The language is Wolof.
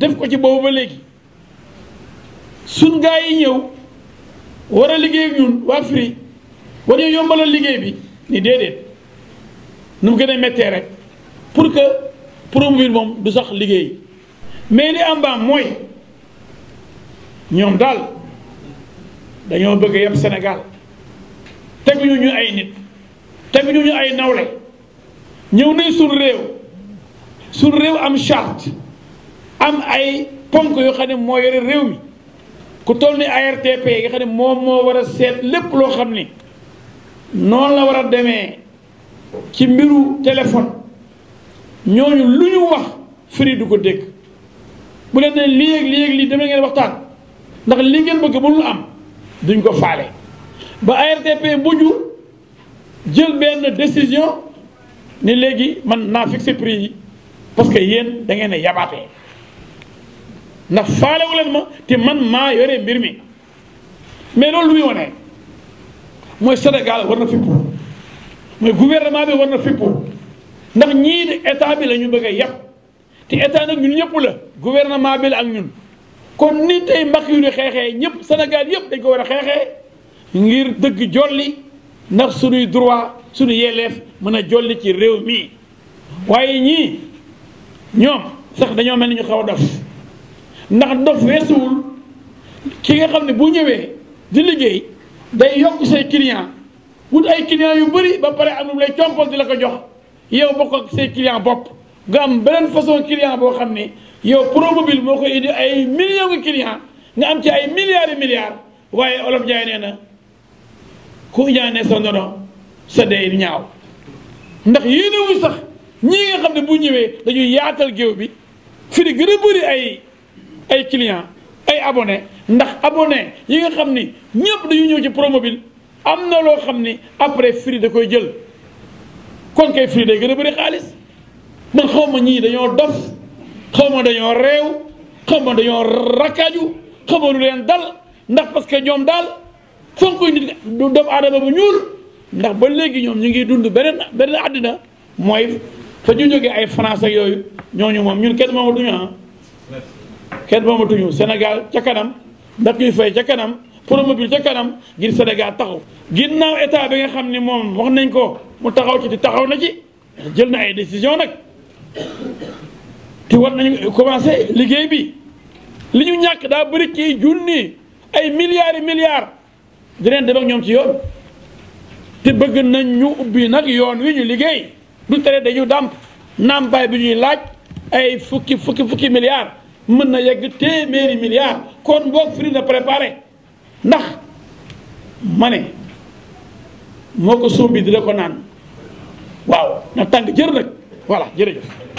def ko ci boobu ba léegi suñ gaa yi ñëw war a liggéey ak ñun waa Firi war ñu yombalal liggéey bi ni déedéet nu mu gën a méttee rek pour que Promoville moom du sax liggéey mais li am baam mooy ñoom daal dañoo bëgg yem senegal teguñu ñu ay nit teguñu ñu ay nawle ñëw nañ suñ réew suñ réew am charte am ay ponk yoo xam ne moo yore réew mi ku toll ni ARTP nga xam ne moom moo war a seet lépp loo xam ni noonu la war a demee ci mbiru téléphone ñooñu lu ñu wax firi du ko dégg bu leen ne lii ak lii ak lii demee ngeen waxtaan ndax li ngeen bëgg mënul am duñ ko faale ba ARTP mujj jël benn décision ni léegi man naa fixé prix yi parce que yéen da ngeen a yabaatee. ndax faalewu leen ma te man maa yore mbir mi mais loolu lu muy wane mooy Sénégal war na fippu mooy gouvernement bi war na fippu ndax ñii de état bi la ñu bëgg a yàpp te état nag ñun ñëpp la gouvernement bi la ak ñun kon ni tey mbaq yu di xeexee ñëpp Sénégal yëpp dañ ko war a xeexee ngir dëgg jolli ndax suñuy droit suñu yelleef mën a jolli ci réew mi waaye ñii ñoom sax dañoo mel ni ñu xaw a dof ndax ndox weesuwul ki nga xam ne bu ñëwee di liggéey day yokk say client wut ay client yu bëri ba pare am lu lay compal di la ko jox yow bokk ak say client bopp nga am beneen façon client boo xam ne yow promobile moo ko indi ay millions de clients nga am ci ay milliar et milliards waaye olof jaay nee na ku iñaane sa ndono sa dey ñaaw ndax yéenewuñ sax ñii nga xam ne bu ñëwee dañuy yaatal géew bi fi di gën a bëri ay ay clients ay abonnés ndax abonnés yi nga xam ni ñëpp dañuy ñëw ci promobile am na loo xam ni après Free da koy jël kon kay Free day gën a bëri xaalis man xaw ma ñii dañoo dof xaw ma dañoo réew xaw ma dañoo rakkaaju xaw ma leen dal ndax parce que ñoom daal fonk nit doomu aadama bu ñuul ndax ba léegi ñoom ñu ngi dund beneen beneen àddina mooy fa ñu jógee ay France yooyu ñooñu moom ñun kenn moom du ñu ah kenn moom moomatuñu Sénégal ca kanam Ndakaaru Faye ca kanam Promovilles ca kanam ngir Sénégal taxaw ginnaaw état bi nga xam ni moom wax nañ ko mu taxaw ci di taxaw na ci jël na ay décision nag te war nañu commencé liggéey bi li ñu ñàkk daa bëri ci junni ay milliards et milliards dineen dem ak ñoom ci yoon te bëgg nañ ñu ubbi nag yoon wi ñu liggéey du tere dañu dàmp nampaay bi ñuy laaj ay fukki fukki fukki milliards mën na yegg téeméeri milliards kon boog Free na préparé ndax mane ne moo ko sóob bi dina ko naan waaw na tàng jër nag voilà jërëjëf.